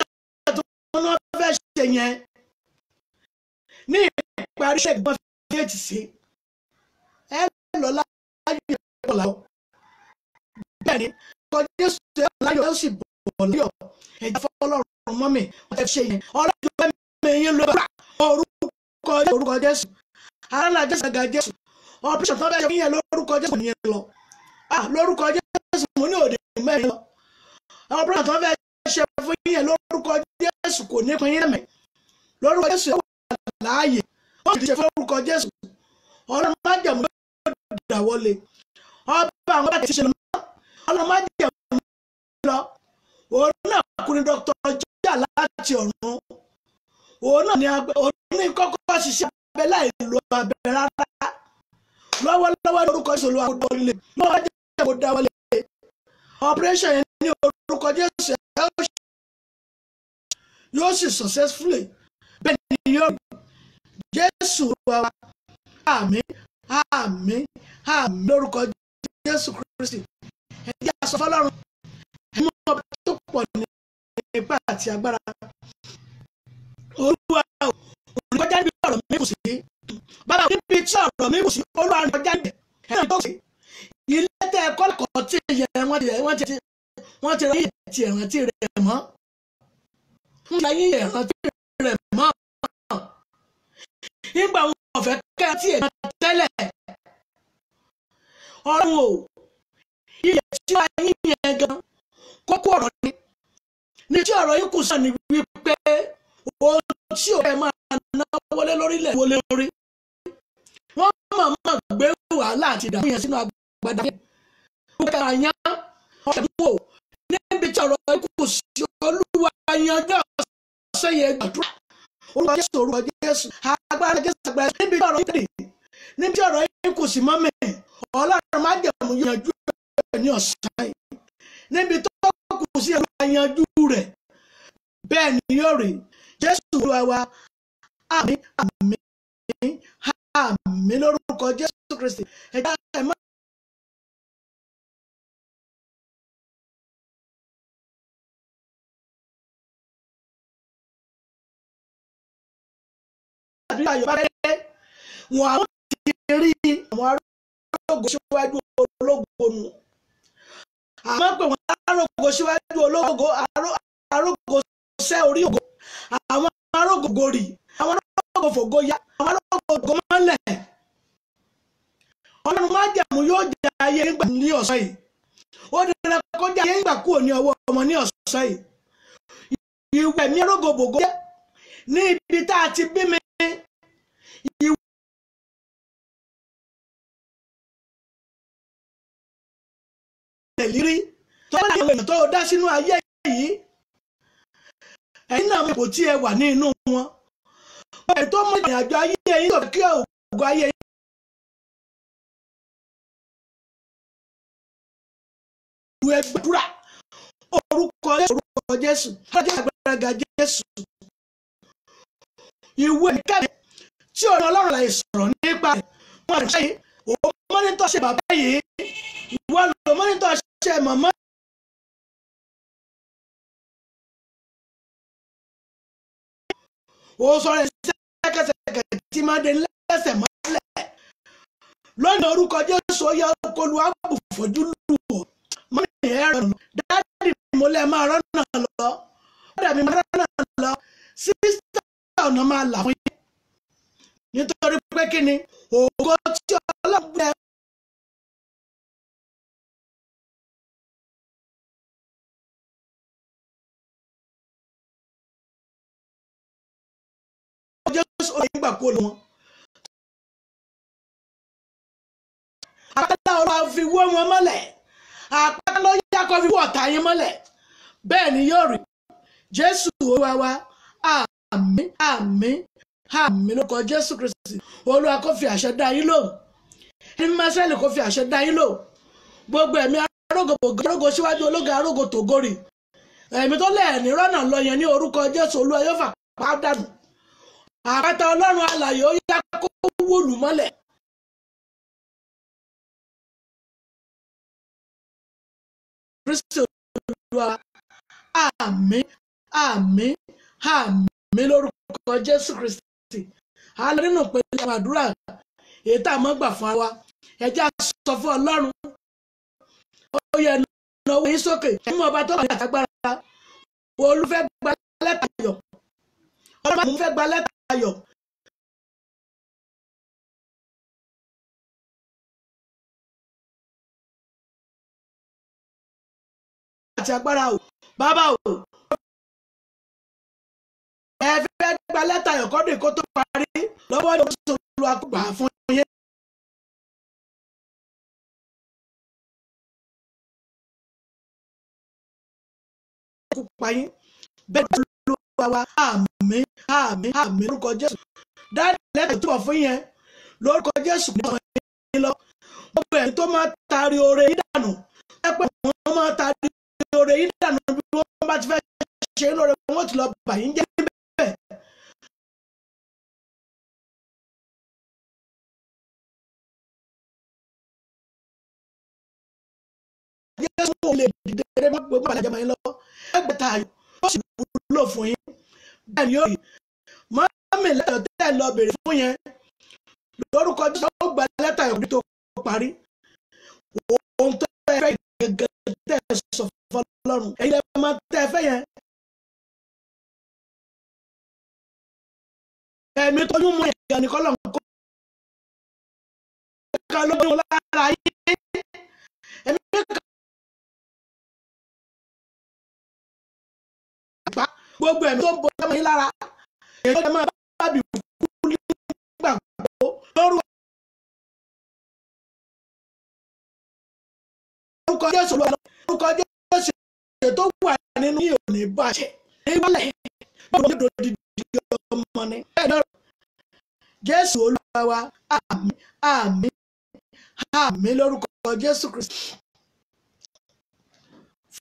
tó ń lọ fẹ́ ṣe yẹn ní ìparí ṣègbọ́n fi èjì sí ẹ lọ láyé ìpọ̀ làwọn bẹ́ẹ̀ ni kọjá jésù láyọ̀ ẹ sì bọ̀ láyọ̀ ẹ jẹ́ fọlọ́run ọ̀run mọ́mì wọ́n ti ṣe yẹn ọlọ́jọ́ mẹ́mí yín ló bá orúkọ jésù orúkọ jésù alálàjẹ́ sàgà jésù ọ̀pẹ́sọ̀ tó bẹ́ẹ̀ yọ yẹn lórúkọ jésù nìyẹn lọ ah, lórúkọ jésù mo ní òde mẹ́rin lọ ọ̀pẹ́sọ̀ tó bẹ́ẹ̀ ṣe fún yẹn lórúkọ jésù kò ní kan yín lẹ́mẹ̀ lórúkọ jésù yóò wà láàyè ó sì ṣe fún lórúkọ jésù ọlọ́run má jẹ̀mú yóò dà láti ọ̀run òun náà ni oní kọ́kọ́ ṣiṣẹ́ abẹ láì lo abẹ rárá lọ́wọ́lọ́wọ́ ní orúkọ Jésù olúwa kò dáwọ́lé lọ́wọ́ jẹ́ kò dáwọ́lé operation yẹn ní orúkọ Jésù yóò sì successfully bẹ́ẹ̀ ni yóò Jésù wa wa àmín àmín àmín lórúkọ Jésù Kristi ẹ̀jẹ̀ àsọfọ́lọ́run ẹ̀mú ọba tó pọ̀ ní ipá àti agbára olúwa olùkọjá níbi ọ̀rọ̀ mi kù sí bàbá níbi tí ọ̀rọ̀ mi kù sí olúwa olùkọjá níbẹ̀ ẹ̀rọ tó sì ilé tẹ ẹ̀kọ́ lẹ́kọ̀ọ́ tí ìyẹ wọn ti wọn ti wọn ti ráyè ti ẹ̀ràn ti rẹ̀ mọ́ ń ṣe ayé ẹ̀ràn ti rẹ̀ mọ́ nígbà wọn ọ̀fẹ́ kẹ́ ti ẹ̀ràn tẹ́lẹ̀ ọ̀rọ̀ wo iye tí wọ́n ayé yẹn gan kókó ọ̀rọ̀ ni ní tí ọ̀rọ̀ yìí kù sàn ní wípé ohun tí ò fẹ́ máa náwó lé lórí lẹ̀ wọlé lórí wọ́n mọ̀ mọ̀ gbé wàhálà àti ìdààmú yẹn sínú agbada yẹn wọ́n kà yán ọ̀sẹ̀ mú o níbi tí ọ̀rọ̀ yìí kù sí olúwa yanjú ọ̀sẹ̀ yẹn gbàdúrà orúkọ Jésù orúkọ Jésù agbára Jésù agbára níbi tí ọ̀rọ̀ yìí níbi ọ̀rọ̀ yìí kù sí mọ́mì ọlọ́run má yanjú rẹ̀ bẹ́ẹ̀ ni yóò rí jésù olúwa wa àmín àmín àmín lórúkọ jésù kristi ẹ̀já ẹ̀ má. àdúrà yorùbá bẹ́ẹ̀ wọn àwọn ti rí àwọn arógo síwájú ológo nù àmọ́ pé arógo síwájú ológo arógo sẹ́ orí ògo àwọn arógo gorì àwọn arógo fògo ya àwọn arógo ògo mọ́lẹ̀ ọlọ́run má jẹ̀mú yóò jẹ ayé ńgbà ní ọ̀sán yìí ó dẹ̀rẹ̀ ayé ńgbà kúrò ní ọmọ ní yìí ìwé ibi tá a ti tó bá láwọn èèyàn tó dá sínú ayé yìí ẹ̀yin náà ipò tí ẹ wà ní inú wọn ẹ tó mọ ìrìn àjò ayé yìí tó kí ògùn ayé yìí. ìlú ẹgbẹ́dúrà orúkọ Jésù orúkọ Jésù lọ́jọ́ àgbàlagbà Jésù ìwé nìkàdé tí ọ̀rọ̀ Ọlọ́run là ìsọ̀rọ̀ nípa rẹ̀ wọn àṣẹ yìí òun mọ́nítọ̀ ṣe bàbá yìí ìwọ lọ mọ́nítọ̀ ṣe màmá ó sọ̀rọ̀ ìṣẹ́kẹsẹ̀kẹ̀ tí máa dé lẹ́sẹ̀ mọ́lẹ̀ lọ́nà orúkọ Jésù yẹ kolu ábù fojú lù ọ́ mọ́mí ẹ̀ rẹ̀ lọ dáàdì mo lẹ́ máa rọ́nà lọ dáàdì mi máa rọ́nà lọ sísítà ọ̀nà máa là fún yín nítorí pé kí ni ògo gbà kó lọ wọn. àpáta ọlọ́wà fi wó wọn mọ́lẹ̀ àpáta ló yá kó fi wó ọ̀tá yín mọ́lẹ̀ bẹ́ẹ̀ ni yóò rí jésù olúwa wa àmín àmín àmín lórúkọ jésù kristi olúwa kó fi àṣẹ dá yín lóhùn ẹni mímọ́ kó fi àṣẹ dá yín lóhùn gbogbo ẹ̀mí arógo síwájú ológo arógo tògórì ẹ̀mí tó lẹ́ẹ̀ ní rọ́nà lọ yẹn ní orúkọ jésù olúwa yóò fà pàdánù àpáta ọlọ́run alààyè ó yá kó wólù mọ́lẹ̀. kristi olúwa àmín àmín àmín lórúkọ jésù kristi alárínà pẹ̀lú àwọn àdúrà èyí tá a mọ́ gbà fún wa ẹ jẹ́ sọ fún ọlọ́run ó yẹ náwó yín sókè ẹ̀mú ọba tó wà ní àtàgbára olúfẹ́ gba lẹ́tà ayọ̀ ọlọ́run fẹ́ gba lẹ́tà ayọ̀ àti agbára o bàbá o ẹ fẹ́ gba lẹ́tà ẹ̀kọ́dún kó tó parí lọ́wọ́ ní oṣù olú akọgbà fún yé. bẹ́ẹ̀ ni olúwa wa àmín àmín àmín lórúkọ jésù dáàdì lẹ́tọ̀ túbọ̀ fún yẹn lórúkọ jésù ní ọ̀sán yẹn lọ gbogbo ẹ̀yin tó máa taari oore yín dànù ẹ pé wọ́n máa taari oore yín dànù bí wọ́n bá ti fẹ́ ṣe inú rẹ̀ wọ́n ti lọ bà yín jẹ́ níbẹ̀. jésù ò lè dìde rẹ mọ́ gbogbo àlàjẹ́ mọ́ yín lọ ẹgbẹ̀ta ayọ̀ yóò sì wúlò fún yín bẹ́ẹ̀ ni ó rí mọ́mí lẹ́tọ̀ tẹ́ lọ bèrè fún yẹn lórúkọ jésù ó gba lẹ́tà ìwé tó parí ohun tó ẹ fẹ́ gẹ́gẹ́ tẹ́ sọ fọlọ́run ẹ̀yin lẹ́ máa tẹ́ ẹ fẹ́ yẹn. ẹ̀mí tójú mọ́ ìgbà nìkan lọ́nkọ́ ká ló gbé wọn lára yín. gbogbo ẹ̀mí tó ń bọ̀ ọmọ yín lára èyí ló máa bá bì kú nígbàgbọ́ lórúkọ Jésù lọ lórúkọ Jésù ètò wà nínú yìí ò ní bàjẹ́ níwálẹ̀ gbogbo ní òdòdó ìdíje ọmọ ni bẹ́ẹ̀ náà Jésù Olúwa wa àmín àmín lórúkọ Jésù Kristi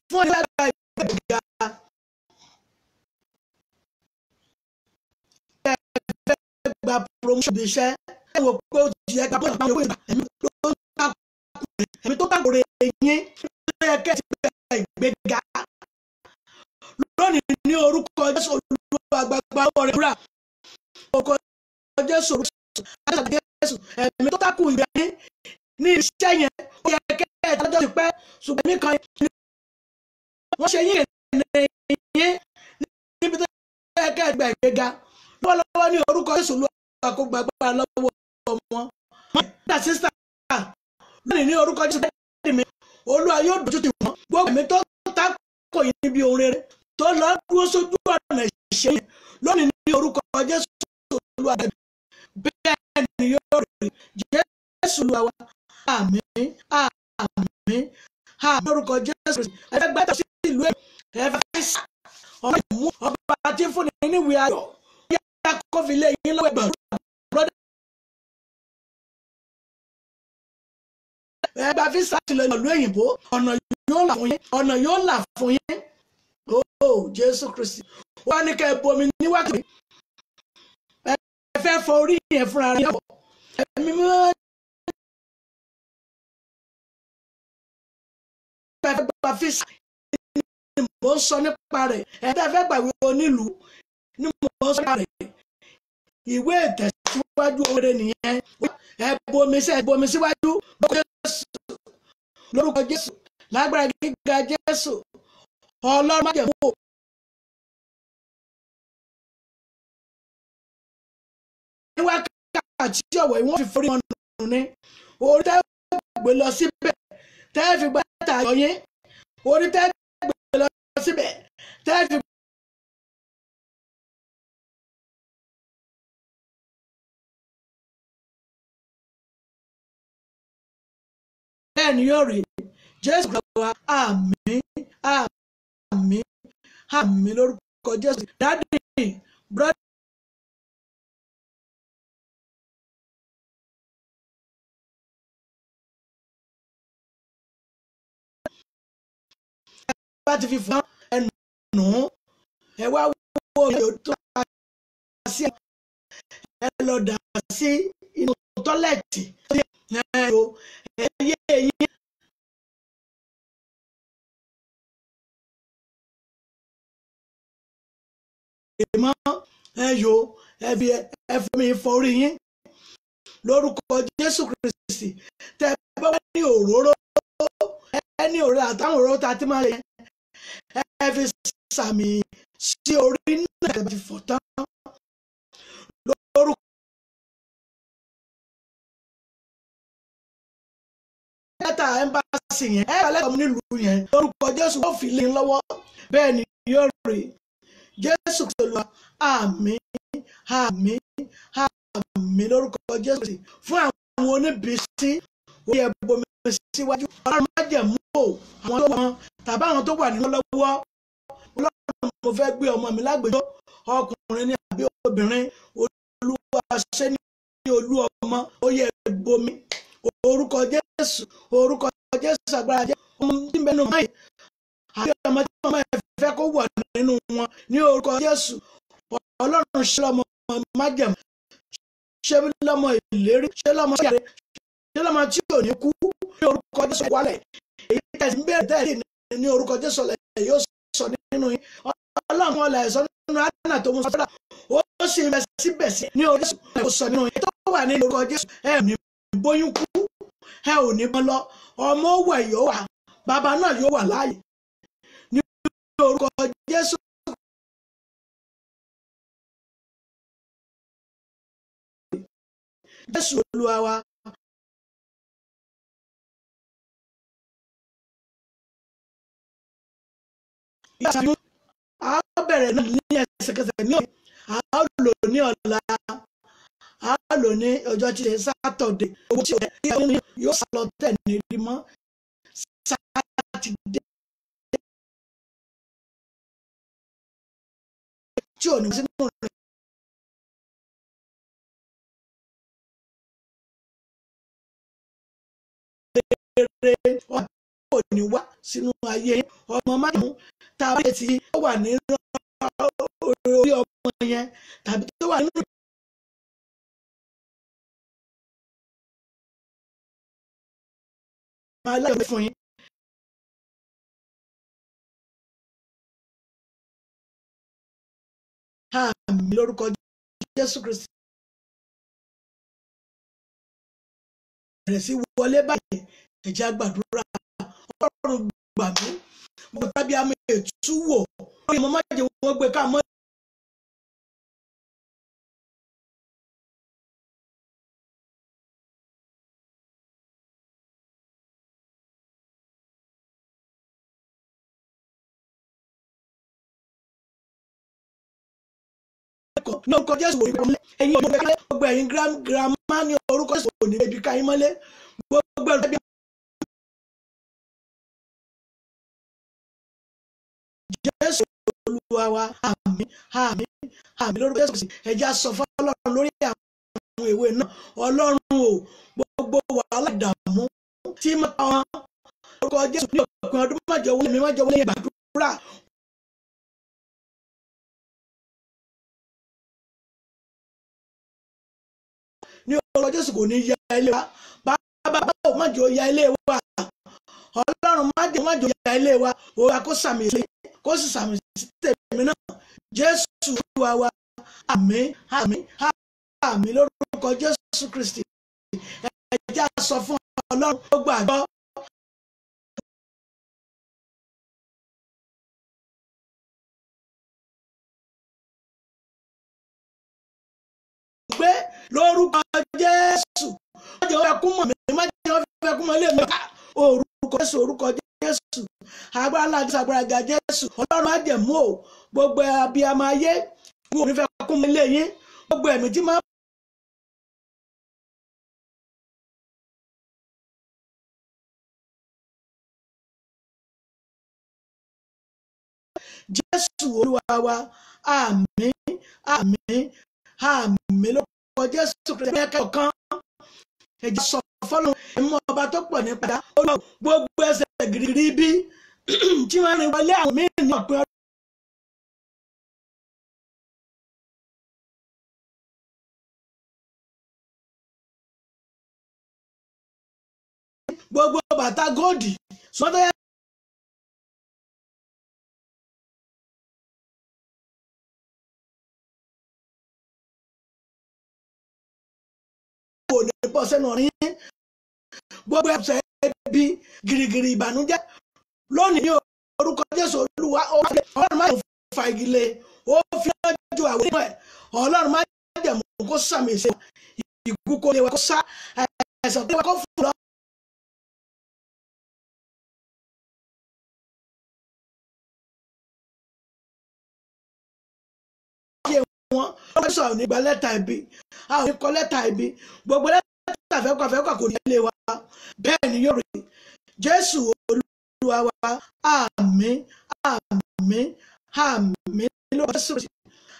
fún ọjọ́ ìgbà ìgbà. gba promotion ibi iṣẹ́ ẹ wò pé ó ti yẹ gba promotion báwo ìgbà ẹ̀mí tó ń kàkùrẹ̀ ẹ̀mí tó kàkùrẹ̀ yín ló yẹ kẹ́ ti gbẹ ìgbéga lónìí ní orúkọ Jésù olúwa agbára ọwọ́ rẹ̀ wúrà orúkọ Jésù orúkọ Jésù Jésù ẹ̀mí tó kàkùn ìgbà yín ní iṣẹ́ yẹn ó yẹ kẹ́ ẹ̀ tọ́jọ́ ti pẹ́ ṣùgbọ́n ẹ̀mí kan wọ́n ṣe yín ènìyàn níbi tó yẹ kẹ́ ẹ̀ gbẹ ìgbéga lọ́wọ́lọ́wọ́ ní orúkọ Jésù olúwa kó gba agbára lọ́wọ́ ọmọ mọ́tà sísá lónìí ní orúkọ jésù dáàdì mi olúwa yóò dojú ti wọ́n gbogbo ẹ̀mí tó ta kò yín níbi ohun rere tó lọ dúró sójú ọ̀nà ìṣe yẹn lónìí ní orúkọ jésù olúwa dáàdì bẹ́ẹ̀ yóò rí jésù olúwa wa àmín àmín àmín orúkọ jésù ẹgbẹ́ gbẹ́tọ̀ sí ìlú ẹ̀fẹ́ ọ̀rọ̀ ìmú ọba tí fúnni níwèé ayọ̀ yẹ kófìlẹ̀ yín lọ́wọ́ ẹgbẹ̀rún. ẹ gba visa ti lọ ìlú òyìnbó ọ̀nà yóò là fún yín ọ̀nà yóò là fún yín ooo oh, Jésù Kristi wọ́n ní kẹ́ ẹ bomi níwájú ẹ fẹ́ fọ orí yẹn fúnra rẹ̀ yẹn fọ ẹ̀mí mímọ́ ẹ fẹ́ gba visa ni mò ń sọ nípa rẹ̀ ẹ fẹ́ gbàgbé onílùú ni mò ń sọ nípa rẹ̀ ìwé ìtẹ̀sí síwájú oore nìyẹn ẹ bomi sí ẹ síwájú lórúkọ jésù lágbára gíga jésù ọlọ́run májẹ̀mú o. níwákàtí ọ̀wọ̀ ìwọ̀n fi forí ọ̀nà ni orí tẹ́ gbé lọ síbẹ̀ tẹ́ fi gbá tààyọ̀ yín orí tẹ́ gbé lọ síbẹ̀ tẹ́ fi bẹ́ẹ̀ ni yóò rí jésù lọ́wọ́ wa àmín àmín àmín lórúkọ jésù dádì brọ́dì. bá ti fi fún ẹnu ẹ wá wo ìyó tó ta sí ẹ lọ dà sí inú tọ́lẹ̀tì ẹ̀rọ ẹ̀yẹ ẹ̀yẹ. ìmọ̀ ẹ̀yọ ẹ̀bí ẹ̀fẹ̀mí ìfọ̀rí yín lórúkọ Jésù Kristi tẹ bá wà ní òróró ẹni òróró àtàwọn òróró tá a ti máa yẹ ẹ fi sàmì sí orí náà ẹ ti fọ̀ tán lórúkọ. lẹ́tà ẹ́mbáàsì yẹn ẹ̀ka lẹ́tà ọmọ nílùú yẹn lórúkọ Jésù yóò fi lé lọ́wọ́ bẹ́ẹ̀ ni yóò rí Jésù kìí lọ àmín àmín àmín lórúkọ Jésù kìí fún àwọn oníbìsí orí ẹ̀bùnmi síwájú ọlọ́run má jẹ̀mú o àwọn tó wọn tàbí àwọn tó wà nínú lọ́wọ́ ọlọ́run mo fẹ́ gbé ọmọ mi lágbèjọ́ ọkùnrin ní àbí obìnrin olúwa ṣe ní olú ọmọ ó yẹ ẹ̀bùnmi orúkọ jésù orúkọ jésù agbára jẹ́ ọmọ tí ń bẹnu máyì àti ọmọ tí màmá ẹ̀ fẹ́ kó wà nínú wọn ní orúkọ jésù ọlọ́run ṣe lọ́mọ májẹ̀mú ṣe lọ́mọ ìlérí ṣe lọ́mọ ṣàrẹ ṣe lọ́mọ tí ò ní kú ní orúkọ jésù wálẹ̀ èyí tẹ̀sí ń bẹ̀rẹ̀ tẹ̀sí ní orúkọ jésù ọ̀lẹ̀ yóò sọ nínú yín ọlọ́run ọ̀lẹ̀ sọ nínú adánà tó mú sọ́dà ó sì ń bẹ síbẹ̀ sí ní orúkọ jésù ọ̀lẹ̀ kò sọ nínú yín tó wà ní orúkọ jésù ẹ̀ ní bóyún ẹ ò ní pọ́n lọ ọmọ òwò yóò wà bàbá náà yóò wà láàyè ní orúkọ Jésù. Jésù Olúwa wa. a bẹ̀rẹ̀ náà ní ẹsẹ̀kẹsẹ̀ ní ọ̀la a lò ní ọ̀la. á lò ní ọjọ́ tí ṣe sátọ̀dẹ̀ owó tí òun yẹ kí yóò sá lọ tẹ̀ ní rí mọ́ sátidé tí ò ní sínú rẹ̀. rere ọ̀pọ̀ ní wá sínú ayé ọmọ májèmú tàbí tí ó wà ní orí ọmọ yẹn tàbí tó wà nínú aláìgbọ́n fún yín àmì lórúkọ Jésù Kristi bẹ̀rẹ̀ sí wọlé báyìí ẹ̀jẹ̀ àgbàdúrà ọlọ́run gbà mí mo tábí àmì ètúwò lórí mo má jẹ́ wọ́n gbé ká mọ́ ní orúkọ jésù wò ní bẹ́ẹ̀ mọ́lẹ̀ ẹ̀yin ọmọ bẹ́ẹ̀ gbogbo ẹ̀yin girama ní orúkọ jésù wò ní bẹ́ẹ̀ bí ká yín mọ́lẹ̀ gbogbo ẹ̀rọ bí jésù olúwa wa àmín àmín àmín lórúkọ jésù kìsì ẹ̀já sọ fún ọlọ́run lórí àwọn ìwé náà ọlọ́run o gbogbo wàhálà ìdààmú tí máa wọn orúkọ jésù ní òpin ọdún májọ wọlé mi májọ wọlé ìgbàdúrà ní orúkọ Jésù kò ní ya ilé wa bàbá o má jò ya ilé wa Ọlọ́run má jò má jò ya ilé wa òwúrọ̀ kó sàmì sí kó sì sàmì sí tèmi náà Jésù olúwa wa àmín àmín àmín lórúkọ Jésù Kristi ẹ jẹ́ á sọ fún Ọlọ́run ó gbàgbọ́. gbé lórúkọ jésù má jẹ́ ó fẹ́ kú mọ̀ mí má jẹ́ ó fẹ́ kú mọ̀ lé mi ká orúkọ jésù orúkọ jésù agbára ńlá jésù agbára ga jésù ọlọ́run má jẹ̀ mú o gbogbo abiyamọ ayé n ò ní fẹ́ kú mọ̀ lé yín gbogbo ẹ̀mí tí má jésù olúwa wa àmín àmín àmín ló orúkọ jésù kristu ẹ̀ka ọ̀kan ẹ̀jẹ̀ sọ fọ́lọ́ ẹ̀mú ọba tó pọ̀ nípa ẹ̀dá olùwà gbogbo ẹsẹ̀ gírígírí bí tí wọ́n rìn wọlé àwọn mìíràn ní ọ̀pẹ ọ̀rọ̀. gbogbo bàtà góòdì sọ́dọ̀ yẹn bọ́ sẹ́nu ọ̀rìn yín gbogbo ẹ̀sẹ̀ ẹbí girigiri ìbànújẹ́ lónìí ní orúkọ Jésù Olúwa ó fi ọlọ́run má yẹ fa igi lé ó fi ọjọ́ àwọn ènìyàn ọlọ́run má yẹ mú kó sàmì ìṣe ìgú kó lè wá kó sá ẹ̀sán tó wá kó fún lọ. wọ́n lọ́sọ̀ọ́ nígbà lẹ́tà ibi a ò ní kọ lẹ́tà ibi gbogbo lẹ́tà tàfẹ́kọ̀ àfẹ́kọ̀ kò ní ilé wa bẹ́ẹ̀ ni yóò rí jésù olúwa wa àmín àmín àmín ló bá sọ̀rọ̀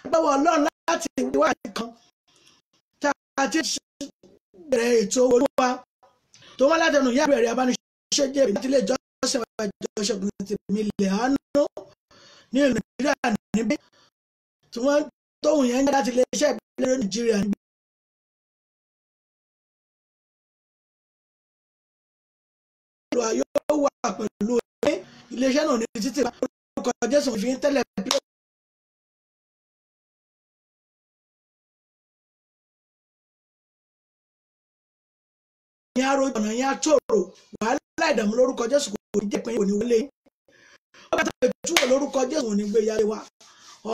gbọ́wọ́ ọlọ́run láti wá nìkan tá a ti bẹ̀rẹ̀ ètò olúwa tó wọ́n látẹnu ìyá bẹ̀rẹ̀ abániṣẹ́ jẹ́ ìbí tilé ìjọsìn wa ìjọsìn ọ̀gbìn ti lè hánú ní ìlú nàìjíríà níbí tí wọ́n tóun yẹn ń jáde láti ilé iṣẹ́ ìbílẹ̀ nàìjíríà níbí. olúwa yóò wà pẹ̀lú òye iléeṣẹ́ náà ní títí pa orúkọ jésù fi ń tẹ́lẹ̀ pílọ̀. ní arojú choro yẹn àtòrò wàhálà ìdààmú lórúkọ jésù kò ní jẹ́ pẹ́yìn o wọlé ọgbà tó lè túwọ̀ lórúkọ jésù òní gbé yálé wa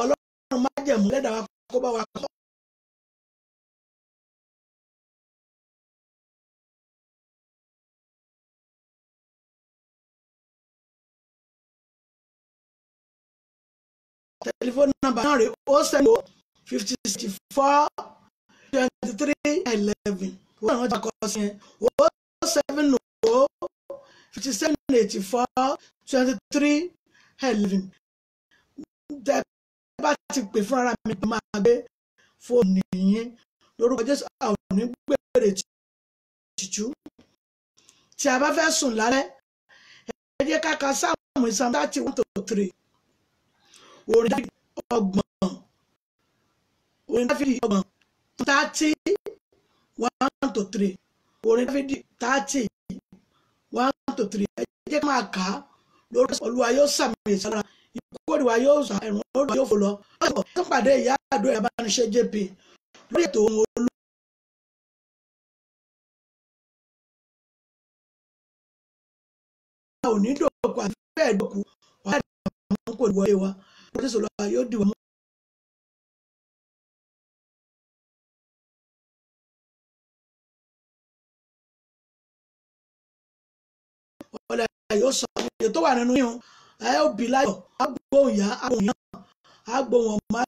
ọlọ́run má jẹ̀mú lẹ́dàá wa kó bá wa kọ́ Telephone number: náà rèé ó sẹ́yìn fifty sixty four twenty three eleven wọ́n náà jẹ́ àkọsí ó seven ó fifty seven eighty four twenty three eleven tẹ bá ti pè fún ara mi máa gbé fóònù yín lórúkọ Jésù àwọn onígbèrè tìjú tí a bá fẹ́ sùn lálẹ́ ẹ jẹ́ ká ka sáàmù ìsàmù thirty one to three orin dáfídì ọgbọ̀n orin dáfídì ọgbọ̀n thirty one to three orin dáfídì thirty one to three ẹ jẹ́ ká máa kà á lórí olúwa yóò sàmì ìsára ìkórìíwá yóò sà ẹ̀rùn olúwa yóò fò lọ lọ́sọ̀ tó pàdé ìyá àdó ẹ̀ bá jp lórí ètò ohun olú. ò ní dòkú àti bẹ́ẹ̀ dòkú wàá dàgbà mọ́ kò wọlé wa jésù lọ́wọ́ yóò dìwọ́ mú. ọ̀la yóò sọ àwọn èèyàn tó wà nínú yìí ẹ ó bì láyọ̀ á gbóhùn yá á gbóhùn